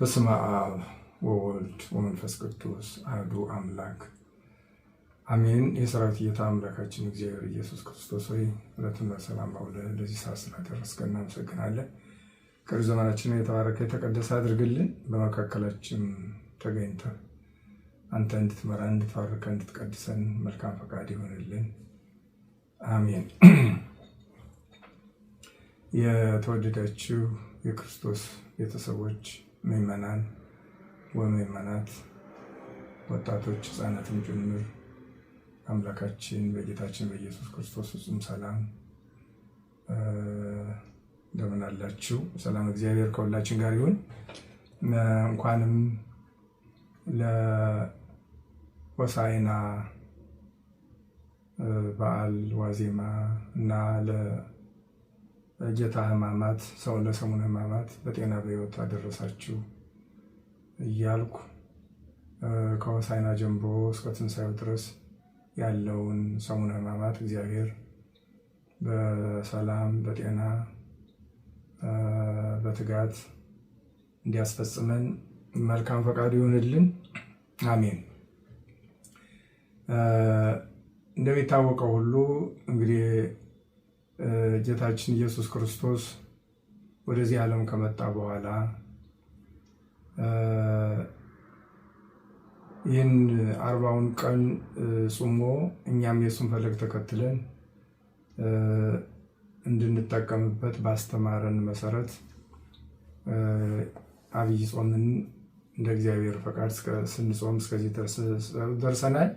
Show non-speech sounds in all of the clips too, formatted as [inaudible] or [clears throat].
በስመ አብ ወወልድ ወመንፈስ ቅዱስ አሐዱ አምላክ አሜን። የሰራዊት ጌታ አምላካችን እግዚአብሔር ኢየሱስ ክርስቶስ ሆይ ሁለቱን በሰላም አውለን ለዚህ ሰዓት ስላደረስከን እናመሰግናለን። ቀሪ ዘመናችን የተባረከ የተቀደሰ አድርግልን። በመካከላችን ተገኝተህ አንተ እንድትመራ እንድትባርከን፣ እንድትቀድሰን መልካም ፈቃድ ይሆንልን። አሜን። [clears throat] የተወደዳችሁ የክርስቶስ ቤተሰቦች፣ ምዕመናን ወምዕመናት፣ ወጣቶች፣ ሕፃናትን ጭምር አምላካችን በጌታችን በኢየሱስ ክርስቶስ ፍጹም ሰላም እንደምን አላችሁ? ሰላም እግዚአብሔር ከሁላችን ጋር ይሁን። እንኳንም ለሆሳዕና በዓል ዋዜማ እና እጀታ ህማማት፣ ሰው ለሰሙን ህማማት በጤና በሕይወት አደረሳችሁ እያልኩ ከሆሳዕና ጀምሮ እስከ ትንሣኤው ድረስ ያለውን ሰሙን ህማማት እግዚአብሔር በሰላም በጤና በትጋት እንዲያስፈጽመን መልካም ፈቃድ ይሆንልን። አሜን። እንደሚታወቀው ሁሉ እንግዲህ ጌታችን ኢየሱስ ክርስቶስ ወደዚህ ዓለም ከመጣ በኋላ ይህን አርባውን ቀን ጾሞ እኛም የሱን ፈለግ ተከትለን እንድንጠቀምበት ባስተማረን መሰረት አብይ ጾምን እንደ እግዚአብሔር ፈቃድ ስንጾም እስከዚህ ደርሰናል።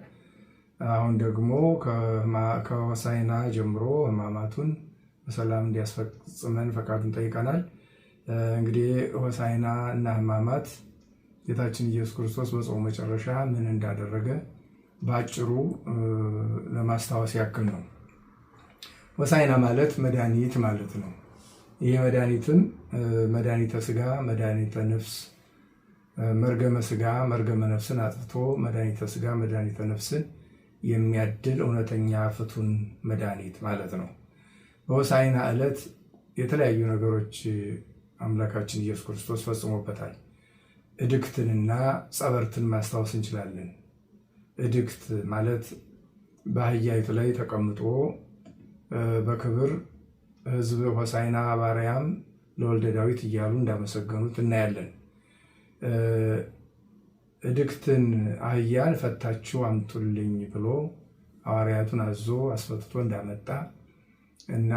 አሁን ደግሞ ከሆሳይና ጀምሮ ህማማቱን በሰላም እንዲያስፈጽመን ፈቃዱን ጠይቀናል። እንግዲህ ሆሳይና እና ህማማት ጌታችን ኢየሱስ ክርስቶስ በጾሙ መጨረሻ ምን እንዳደረገ በአጭሩ ለማስታወስ ያክል ነው። ሆሳይና ማለት መድኃኒት ማለት ነው። ይህ መድኃኒትም መድኃኒተ ስጋ መድኃኒተ ነፍስ፣ መርገመ ስጋ መርገመ ነፍስን አጥፍቶ መድኃኒተ ስጋ መድኃኒተ ነፍስን የሚያድል እውነተኛ ፍቱን መድኃኒት ማለት ነው። በሆሳዕና ዕለት የተለያዩ ነገሮች አምላካችን ኢየሱስ ክርስቶስ ፈጽሞበታል። እድክትንና ጸበርትን ማስታወስ እንችላለን። እድክት ማለት በአህያይቱ ላይ ተቀምጦ በክብር ሕዝብ ሆሳዕና ባርያም ለወልደ ዳዊት እያሉ እንዳመሰገኑት እናያለን። እድክትን አህያን ፈታችሁ አምጡልኝ ብሎ ሐዋርያቱን አዞ አስፈትቶ እንዳመጣ እና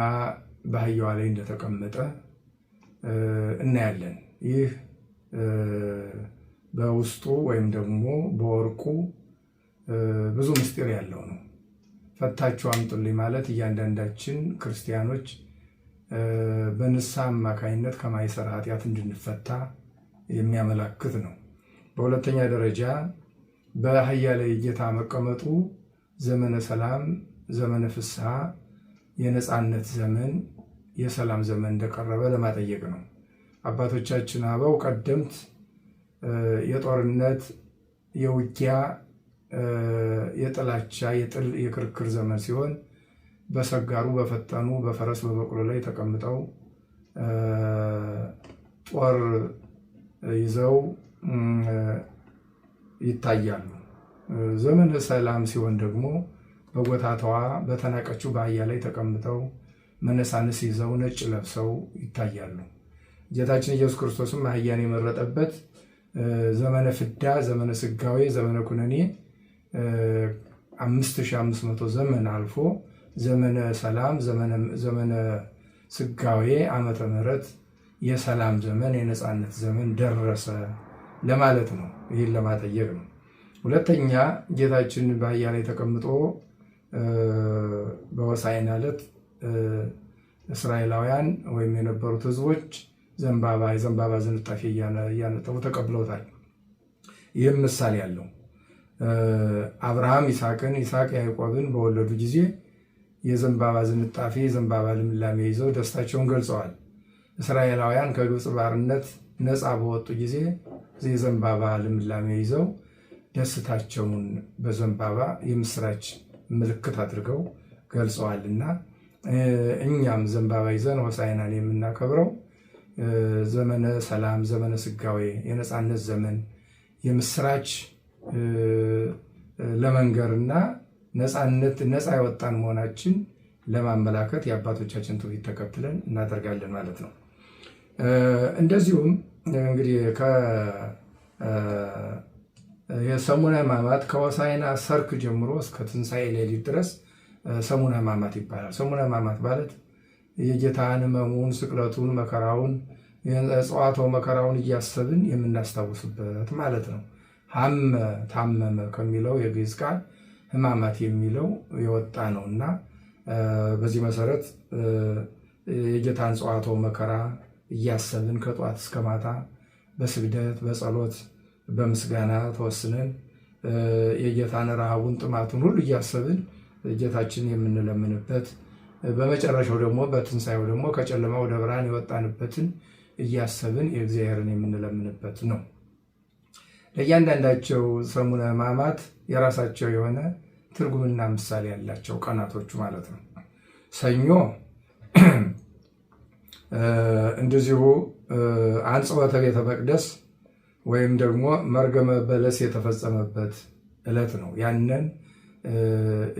በአህያዋ ላይ እንደተቀመጠ እናያለን። ይህ በውስጡ ወይም ደግሞ በወርቁ ብዙ ምስጢር ያለው ነው። ፈታችሁ አምጡልኝ ማለት እያንዳንዳችን ክርስቲያኖች በንስሐ አማካኝነት ከማይሰር ኃጢአት እንድንፈታ የሚያመላክት ነው። በሁለተኛ ደረጃ በአህያ ላይ ጌታ መቀመጡ ዘመነ ሰላም፣ ዘመነ ፍስሐ፣ የነፃነት ዘመን፣ የሰላም ዘመን እንደቀረበ ለማጠየቅ ነው። አባቶቻችን አበው ቀደምት የጦርነት የውጊያ የጥላቻ የጥል የክርክር ዘመን ሲሆን በሰጋሩ በፈጠኑ በፈረስ በበቅሎ ላይ ተቀምጠው ጦር ይዘው ይታያሉ። ዘመነ ሰላም ሲሆን ደግሞ በጎታተዋ በተናቀችው በአህያ ላይ ተቀምጠው መነሳንስ ይዘው ነጭ ለብሰው ይታያሉ። ጌታችን ኢየሱስ ክርስቶስም አህያን የመረጠበት ዘመነ ፍዳ፣ ዘመነ ስጋዌ፣ ዘመነ ኩነኔ 5500 ዘመን አልፎ ዘመነ ሰላም፣ ዘመነ ስጋዌ ዓመተ ምሕረት የሰላም ዘመን የነፃነት ዘመን ደረሰ ለማለት ነው። ይህን ለማጠየቅ ነው። ሁለተኛ ጌታችን በአህያ ላይ ተቀምጦ በወሳይን ዕለት እስራኤላውያን ወይም የነበሩት ህዝቦች ዘንባባ የዘንባባ ዝንጣፊ እያነጠቡ ተቀብለውታል። ይህም ምሳሌ አለው። አብርሃም ይስሐቅን፣ ይስሐቅ ያዕቆብን በወለዱ ጊዜ የዘንባባ ዝንጣፊ የዘንባባ ልምላሜ ይዘው ደስታቸውን ገልጸዋል። እስራኤላውያን ከግብፅ ባርነት ነፃ በወጡ ጊዜ የዘንባባ ልምላሜ ይዘው ደስታቸውን በዘንባባ የምስራች ምልክት አድርገው ገልጸዋልና እኛም ዘንባባ ይዘን ሆሳዕናን የምናከብረው ዘመነ ሰላም፣ ዘመነ ስጋዌ፣ የነፃነት ዘመን የምስራች ለመንገርና ነፃነት ነፃ የወጣን መሆናችን ለማመላከት የአባቶቻችን ትውፊት ተከትለን እናደርጋለን ማለት ነው። እንደዚሁም እንግዲህ የሰሙነ ሕማማት ከወሳይና ሰርክ ጀምሮ እስከ ትንሣኤ ሌሊት ድረስ ሰሙነ ሕማማት ይባላል። ሰሙነ ሕማማት ማለት የጌታን ሕመሙን፣ ስቅለቱን፣ መከራውን የእጽዋቶ መከራውን እያሰብን የምናስታውስበት ማለት ነው። ሀመ ታመመ ከሚለው የግዕዝ ቃል ሕማማት የሚለው የወጣ ነው እና በዚህ መሰረት የጌታን ጸዋተው መከራ እያሰብን ከጧት እስከ ማታ በስግደት በጸሎት በምስጋና ተወስነን የጌታን ረሃቡን ጥማቱን ሁሉ እያሰብን ጌታችን የምንለምንበት በመጨረሻው ደግሞ በትንሳኤው ደግሞ ከጨለማ ወደ ብርሃን የወጣንበትን እያሰብን የእግዚአብሔርን የምንለምንበት ነው። ለእያንዳንዳቸው ሰሙነ ሕማማት የራሳቸው የሆነ ትርጉምና ምሳሌ ያላቸው ቀናቶቹ ማለት ነው። ሰኞ [clears throat] እንደዚሁ አንጽሖተ ቤተ መቅደስ ወይም ደግሞ መርገመ በለስ የተፈጸመበት ዕለት ነው። ያንን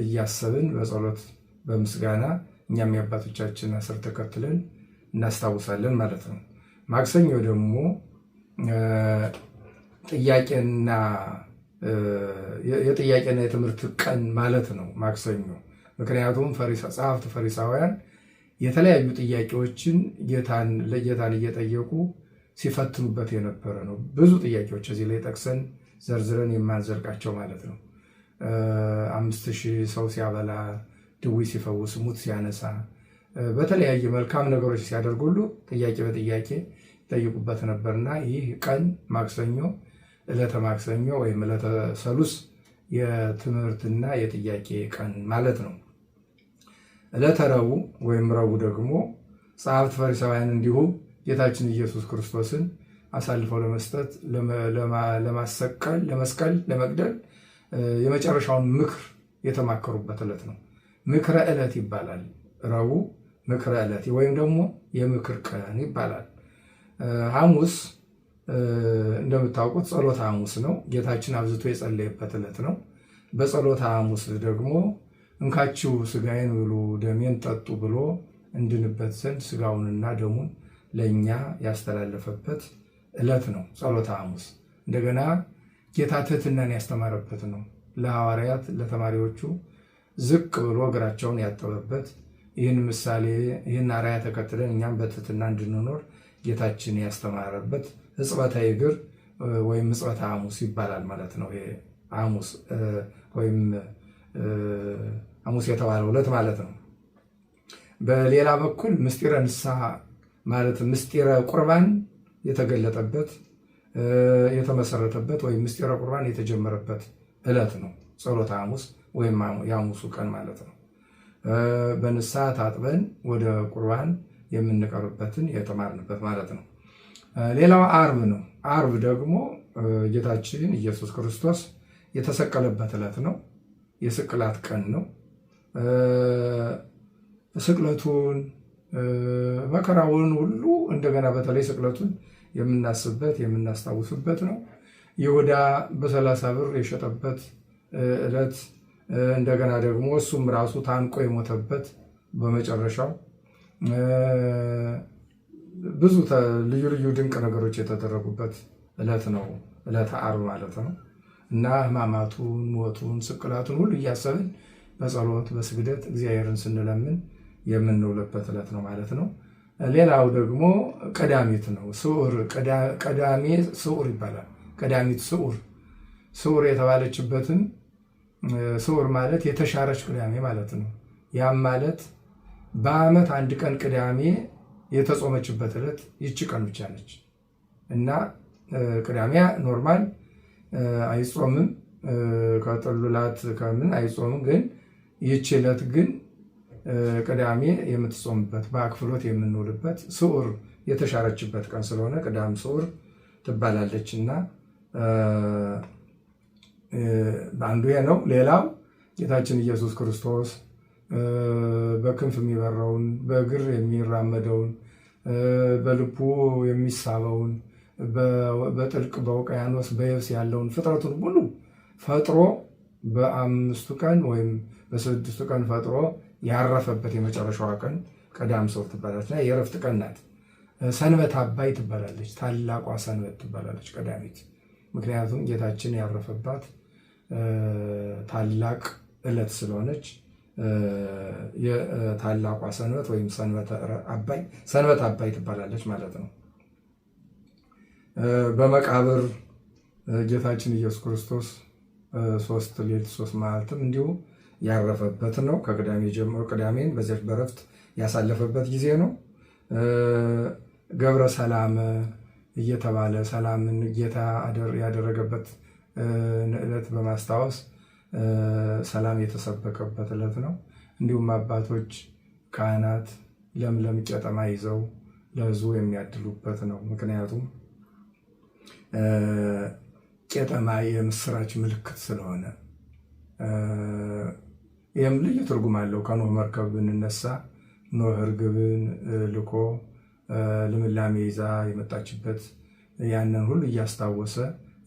እያሰብን በጸሎት በምስጋና እኛም የአባቶቻችን ስር ተከትለን እናስታውሳለን ማለት ነው። ማክሰኞ ደግሞ ጥያቄና የጥያቄና የትምህርት ቀን ማለት ነው ማክሰኞ። ምክንያቱም ጸሐፍት ፈሪሳውያን የተለያዩ ጥያቄዎችን ጌታን ለጌታን እየጠየቁ ሲፈትኑበት የነበረ ነው። ብዙ ጥያቄዎች እዚህ ላይ ጠቅሰን ዘርዝረን የማንዘልቃቸው ማለት ነው። አምስት ሺህ ሰው ሲያበላ፣ ድዊ ሲፈውስ፣ ሙት ሲያነሳ፣ በተለያየ መልካም ነገሮች ሲያደርግ ሁሉ ጥያቄ በጥያቄ ይጠይቁበት ነበርና ይህ ቀን ማክሰኞ ዕለተ ማክሰኞ ወይም ዕለተ ሰሉስ የትምህርትና የጥያቄ ቀን ማለት ነው። ዕለተ ረቡዕ ወይም ረቡዕ ደግሞ ጸሐፍት ፈሪሳውያን እንዲሁም ጌታችን ኢየሱስ ክርስቶስን አሳልፈው ለመስጠት፣ ለማሰቀል፣ ለመስቀል፣ ለመግደል የመጨረሻውን ምክር የተማከሩበት ዕለት ነው። ምክረ ዕለት ይባላል። ረቡዕ ምክረ ዕለት ወይም ደግሞ የምክር ቀን ይባላል። ሐሙስ እንደምታውቁት ጸሎተ ሐሙስ ነው። ጌታችን አብዝቶ የጸለየበት ዕለት ነው። በጸሎተ ሐሙስ ደግሞ እንካችሁ ስጋዬን ብሉ ደሜን ጠጡ ብሎ እንድንበት ዘንድ ስጋውንና ደሙን ለእኛ ያስተላለፈበት ዕለት ነው። ጸሎተ ሐሙስ እንደገና ጌታ ትህትናን ያስተማረበት ነው። ለሐዋርያት ለተማሪዎቹ ዝቅ ብሎ እግራቸውን ያጠበበት ይህን ምሳሌ ይህን አርአያ ተከትለን እኛም በትትና እንድንኖር ጌታችን ያስተማረበት ሕጽበተ እግር ወይም ሕጽበተ ሐሙስ ይባላል ማለት ነው። ይሄ ሐሙስ ወይም ሐሙስ የተባለው ዕለት ማለት ነው። በሌላ በኩል ምስጢረ ንስሐ ማለት ምስጢረ ቁርባን የተገለጠበት የተመሰረተበት ወይም ምስጢረ ቁርባን የተጀመረበት ዕለት ነው። ጸሎተ ሐሙስ ወይም የሐሙሱ ቀን ማለት ነው። በንስሐ ታጥበን ወደ ቁርባን የምንቀርብበትን የተማርንበት ማለት ነው። ሌላው ዓርብ ነው። ዓርብ ደግሞ ጌታችን ኢየሱስ ክርስቶስ የተሰቀለበት ዕለት ነው። የስቅላት ቀን ነው። ስቅለቱን መከራውን ሁሉ እንደገና በተለይ ስቅለቱን የምናስብበት የምናስታውስበት ነው። ይሁዳ በሰላሳ ብር የሸጠበት ዕለት እንደገና ደግሞ እሱም ራሱ ታንቆ የሞተበት በመጨረሻው ብዙ ልዩ ልዩ ድንቅ ነገሮች የተደረጉበት ዕለት ነው። ዕለተ ዓርብ ማለት ነው እና ሕማማቱን ሞቱን ስቅላቱን ሁሉ እያሰብን በጸሎት በስግደት እግዚአብሔርን ስንለምን የምንውልበት ዕለት ነው ማለት ነው። ሌላው ደግሞ ቀዳሚት ነው። ስዑር ቀዳሜ ስዑር ይባላል። ቀዳሚት ስዑር ስዑር የተባለችበትን ስዑር ማለት የተሻረች ቅዳሜ ማለት ነው። ያም ማለት በዓመት አንድ ቀን ቅዳሜ የተጾመችበት ዕለት ይቺ ቀን ብቻ ነች እና ቅዳሜያ ኖርማል አይጾምም፣ ከጥሉላት ከምን አይጾምም ግን ይህች ዕለት ግን ቅዳሜ የምትጾምበት በአክፍሎት የምንውልበት ስዑር የተሻረችበት ቀን ስለሆነ ቅዳም ስዑር ትባላለች እና አንዱ ነው። ሌላው ጌታችን ኢየሱስ ክርስቶስ በክንፍ የሚበረውን በእግር የሚራመደውን በልቡ የሚሳበውን በጥልቅ በውቅያኖስ በየብስ ያለውን ፍጥረቱን ሁሉ ፈጥሮ በአምስቱ ቀን ወይም በስድስቱ ቀን ፈጥሮ ያረፈበት የመጨረሻዋ ቀን ቀዳም ሰው ትባላለች እና የእረፍት ቀን ናት። ሰንበት አባይ ትባላለች። ታላቋ ሰንበት ትባላለች ቀዳሚት። ምክንያቱም ጌታችን ያረፈባት ታላቅ ዕለት ስለሆነች የታላቋ ሰንበት ወይም ሰንበት አባይ ትባላለች ማለት ነው። በመቃብር ጌታችን ኢየሱስ ክርስቶስ ሶስት ሌሊት ሶስት ማለትም እንዲሁ ያረፈበት ነው። ከቅዳሜ ጀምሮ ቅዳሜን በዚያች በረፍት ያሳለፈበት ጊዜ ነው። ገብረ ሰላም እየተባለ ሰላምን ጌታ ያደረገበት ዕለት በማስታወስ ሰላም የተሰበከበት ዕለት ነው። እንዲሁም አባቶች ካህናት ለምለም ቄጠማ ይዘው ለሕዝቡ የሚያድሉበት ነው። ምክንያቱም ቄጠማ የምስራች ምልክት ስለሆነ ይህም ልዩ ትርጉም አለው። ከኖህ መርከብ ብንነሳ ኖህ እርግብን ልኮ ልምላሜ ይዛ የመጣችበት ያንን ሁሉ እያስታወሰ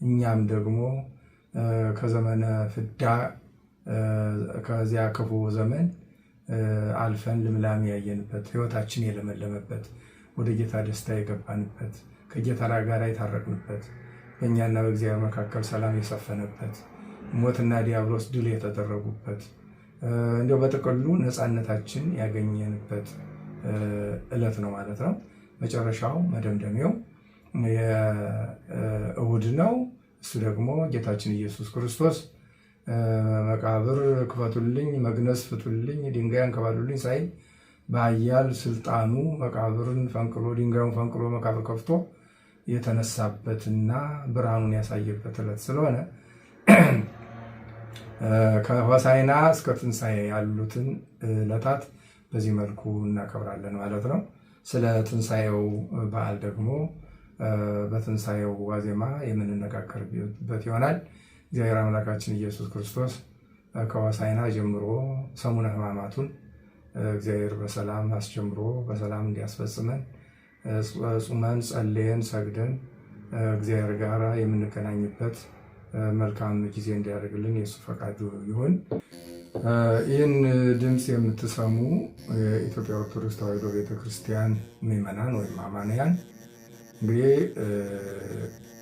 እኛም ደግሞ ከዘመነ ፍዳ ከዚያ ክፉ ዘመን አልፈን ልምላሜ ያየንበት ህይወታችን የለመለመበት ወደ ጌታ ደስታ የገባንበት ከጌታ ጋር የታረቅንበት በእኛና በእግዚአብሔር መካከል ሰላም የሰፈነበት ሞትና ዲያብሎስ ድል የተደረጉበት እንዲያው በጥቅሉ ነፃነታችን ያገኘንበት እለት ነው ማለት ነው። መጨረሻው መደምደሚያው እሑድ ነው። እሱ ደግሞ ጌታችን ኢየሱስ ክርስቶስ መቃብር ክፈቱልኝ፣ መግነስ ፍቱልኝ፣ ድንጋይ አንከባሉልኝ ሳይል በኃያል ስልጣኑ መቃብርን ፈንቅሎ ድንጋዩን ፈንቅሎ መቃብር ከፍቶ የተነሳበትና ብርሃኑን ያሳየበት ዕለት ስለሆነ [clears throat] ከሆሳይና እስከ ትንሣኤ ያሉትን ዕለታት በዚህ መልኩ እናከብራለን ማለት ነው። ስለ ትንሣኤው በዓል ደግሞ በትንሣኤው ዋዜማ የምንነጋገርበት ይሆናል። እግዚአብሔር አምላካችን ኢየሱስ ክርስቶስ ከሆሳዕና ጀምሮ ሰሙነ ሕማማቱን እግዚአብሔር በሰላም አስጀምሮ በሰላም እንዲያስፈጽመን ጹመን ጸልየን ሰግደን እግዚአብሔር ጋር የምንገናኝበት መልካም ጊዜ እንዲያደርግልን የእሱ ፈቃዱ ይሁን። ይህን ድምፅ የምትሰሙ የኢትዮጵያ ኦርቶዶክስ ተዋሕዶ ቤተክርስቲያን ምዕመናን ወይም አማንያን እንግዲህ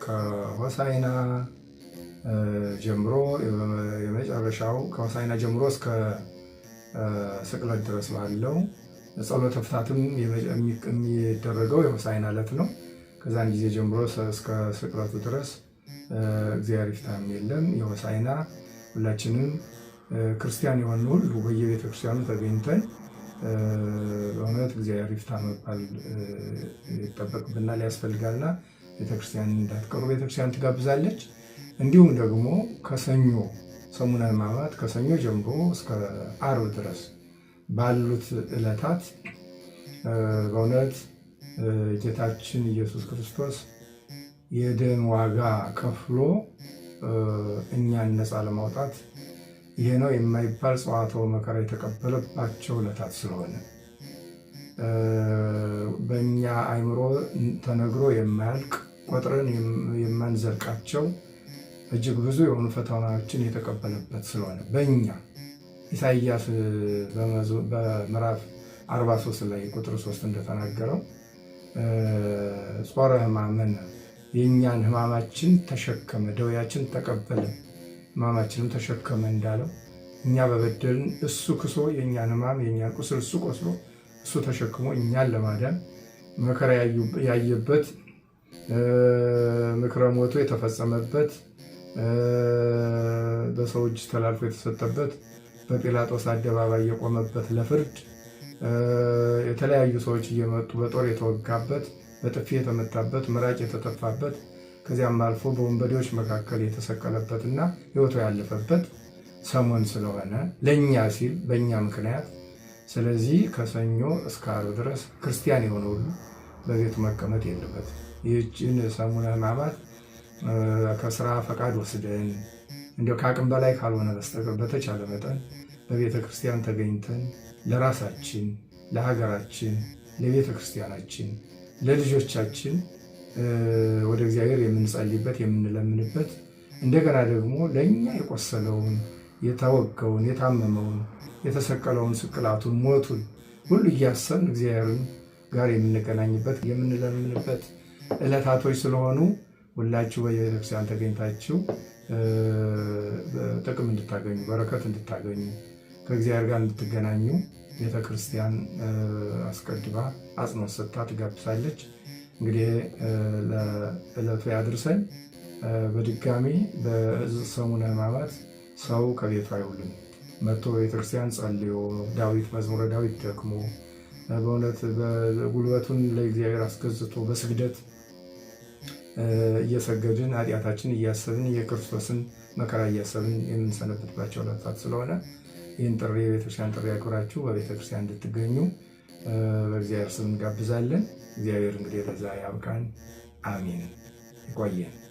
ከሆሳይና ጀምሮ የመጨረሻው ከሆሳይና ጀምሮ እስከ ስቅለት ድረስ ባለው ጸሎተ ፍታትም የሚደረገው የሆሳዕና ዕለት ነው። ከዛን ጊዜ ጀምሮ እስከ ስቅለቱ ድረስ እግዚአብሔር ይፍታም የለም። የሆሳዕና ሁላችንም ክርስቲያን የሆን ሁሉ በየቤተ ክርስቲያኑ ተገኝተን በእውነት እግዚአብሔር ይፍታ መባል ይጠበቅብናል፣ ያስፈልጋልና ቤተክርስቲያን እንዳትቀሩ ቤተክርስቲያን ትጋብዛለች። እንዲሁም ደግሞ ከሰኞ ሰሙነ ሕማማት ከሰኞ ጀምሮ እስከ ዓርብ ድረስ ባሉት ዕለታት በእውነት ጌታችን ኢየሱስ ክርስቶስ የደም ዋጋ ከፍሎ እኛን ነፃ ለማውጣት ይሄ ነው የማይባል ጽዋትወ መከራ የተቀበለባቸው ዕለታት ስለሆነ በእኛ አይምሮ ተነግሮ የማያልቅ ቆጥረን የማንዘልቃቸው እጅግ ብዙ የሆኑ ፈተናዎችን የተቀበለበት ስለሆነ በእኛ ኢሳይያስ በምዕራፍ 43 ላይ ቁጥር 3 እንደተናገረው ጾረ ህማምን የእኛን ህማማችን ተሸከመ፣ ደውያችን ተቀበለ፣ ህማማችንም ተሸከመ እንዳለው እኛ በበደልን እሱ ክሶ የእኛን ህማም የእኛን ቁስል እሱ ቆስሎ እሱ ተሸክሞ እኛን ለማዳን መከራ ያየበት ምክረ ሞቱ የተፈጸመበት በሰው እጅ ተላልፎ የተሰጠበት በጲላጦስ አደባባይ የቆመበት ለፍርድ የተለያዩ ሰዎች እየመጡ በጦር የተወጋበት፣ በጥፊ የተመታበት፣ ምራቅ የተተፋበት ከዚያም አልፎ በወንበዴዎች መካከል የተሰቀለበትና ሕይወቱ ያለፈበት ሰሞን ስለሆነ ለእኛ ሲል በእኛ ምክንያት ስለዚህ ከሰኞ እስከ ዓርብ ድረስ ክርስቲያን የሆነ ሁሉ በቤቱ መቀመጥ የለበት። ይህችን ሰሙነ ሕማማት ከስራ ፈቃድ ወስደን እንዲያው ከአቅም በላይ ካልሆነ በስተቀር በተቻለ መጠን በቤተ ክርስቲያን ተገኝተን ለራሳችን፣ ለሀገራችን፣ ለቤተ ክርስቲያናችን፣ ለልጆቻችን ወደ እግዚአብሔር የምንጸልይበት የምንለምንበት እንደገና ደግሞ ለእኛ የቆሰለውን የተወገውን የታመመውን የተሰቀለውን ስቅላቱን ሞቱን ሁሉ እያሰብን እግዚአብሔርን ጋር የምንገናኝበት የምንለምንበት ዕለታቶች ስለሆኑ ሁላችሁ በቤተክርስቲያን ተገኝታችሁ ጥቅም እንድታገኙ፣ በረከት እንድታገኙ፣ ከእግዚአብሔር ጋር እንድትገናኙ ቤተክርስቲያን አስቀድባ አጽንኦት ሰጥታ ትጋብዛለች። እንግዲህ ለዕለቱ ያድርሰን። በድጋሚ በሰሙነ ሕማማት ሰው ከቤቱ አይውልም መጥቶ ቤተክርስቲያን ጸልዮ ዳዊት መዝሙረ ዳዊት ደክሞ በእውነት ጉልበቱን ለእግዚአብሔር አስገዝቶ በስግደት እየሰገድን ኃጢአታችን እያሰብን የክርስቶስን መከራ እያሰብን የምንሰነበትባቸው ዕለታት ስለሆነ ይህን ጥሪ የቤተክርስቲያን ጥሪ ያክብራችሁ በቤተክርስቲያን እንድትገኙ በእግዚአብሔር ስም እንጋብዛለን። እግዚአብሔር እንግዲህ ለዛ ያብቃን። አሜን። ይቆየን።